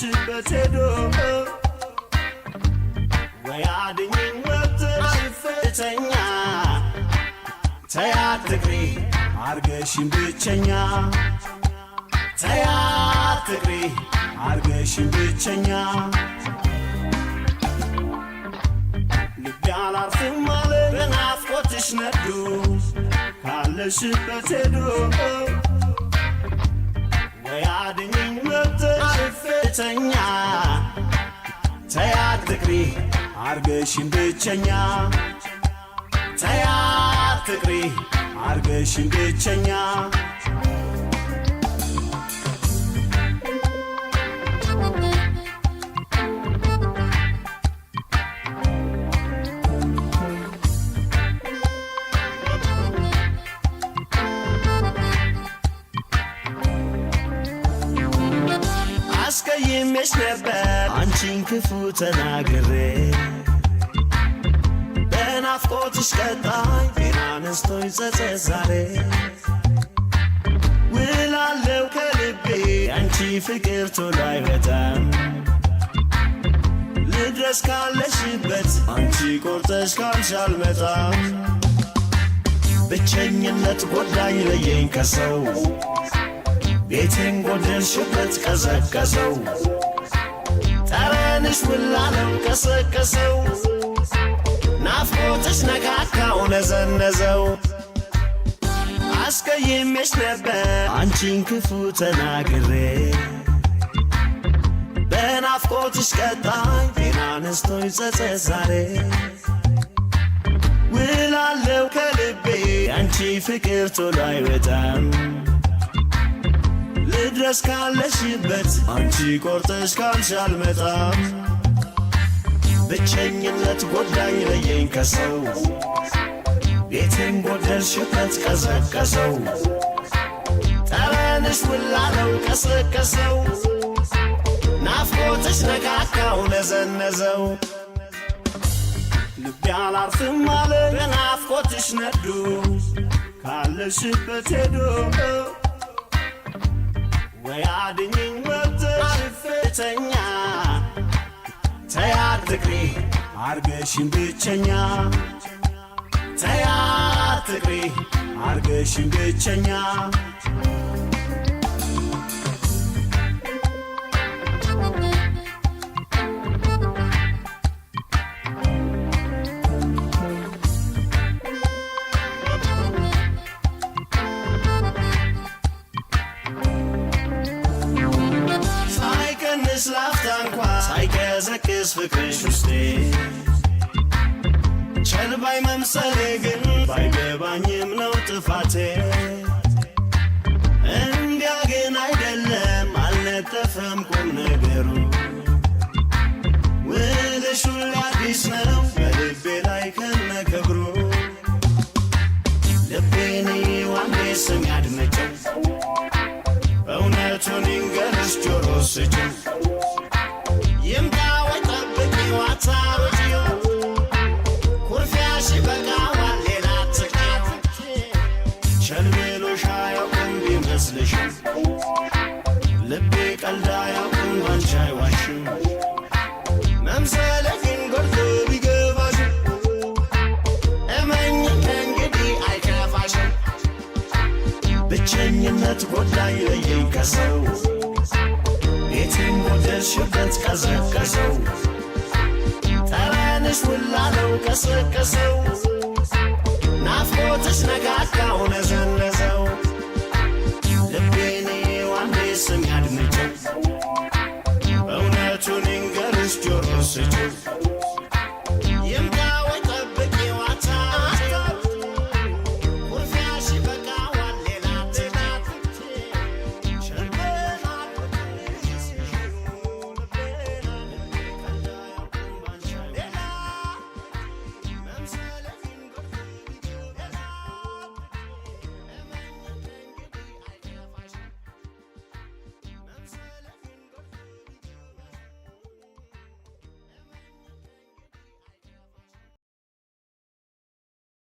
ሽበት ሄዶ ወይ አድኝን ወጥሽፍተኛ ተያት ትግሪ አርገሽን ብቸኛ ተያት ትግሪ አርገሽን ብቸኛ ልቤ አላርፍም አለ በናፍቆትሽ ነዱ ካለሽበት ሄዶ ወይ አድኝኝ መጥተሽ አርፌተኛ ተያት ፍቅሪ አርገሽን ብቸኛ ተያት ፍቅሪ አርገሽን ብቸኛ ብለሽ ነበር አንቺን ክፉ ተናግሬ በናፍቆትሽ ቀጣይ ጤና ነስቶኝ ጸጸት ዛሬ ውላለው ከልቤ አንቺ ፍቅር ቶሎ አይመጣም ልድረስ ካለሽበት አንቺ ቆርጠሽ ካልሽ አልመጣም ብቸኝነት ጎዳኝ ለየኝ ከሰው ቤቴን ጎደልሽበት ቀዘቀዘው ፍቅርሽ ውላለም ቀሰቀሰው ናፍቆትሽ ነካካው ነዘነዘው አስቀይሜሽ ነበር አንቺን ክፉ ተናግሬ በናፍቆትሽ ቀጣኝ ጤና ነስቶኝ ጸጸት ዛሬ ውላለው ከልቤ አንቺ ፍቅር ቶሎ አይወጣም ልድረስ ካለሽበት አንቺ ቆርጠሽ ካንቺ አልመጣም። ብቸኝነት ጎዳኝ ለየኝ ከሰው ቤቴን ጎደልሽበት ቀዘቀሰው ጠረንሽ ውላለው ቀሰቀሰው ናፍቆትሽ ነካካው ነዘነዘው ልቤ አላርፍም አለ በናፍቆትሽ ነዱ ካለሽበት ሄዶ ወይ አድኝኝ ወተሽፍተኛ ተያት ፍቅሬ አርገሽን ብቸኛ ተያት ፍቅሬ አርገሽን ብቸኛ ድረስ ላፍታ እንኳ ሳይቀዘቅዝ ፍቅርሽ ውስጤ ቸልባይ መምሰሌ ግን ባይገባኝም ነው ጥፋቴ። እንዲያ ግን አይደለም አልነጠፈም ቁም ነገሩ ውልሹ አዲስ ነው በልቤ ላይ ከነክብሩ ልቤን ዋንዴ ስም ያድመጨው እውነቱን ይንገርሽ ጆሮ ስጭው ብቸኝነት ጎዳኝ ለየኝ ከሰው ቤቴን ወደድሽበት ቀዘቀዘው ጠረንሽ ውላለው ቀሰቀሰው ናፍቆትሽ ነጋጋው ነዘነዘው ልቤን ዋንዴ ስም ያድምጭ እውነቱን እንገርሽ ጆሮ ስጭው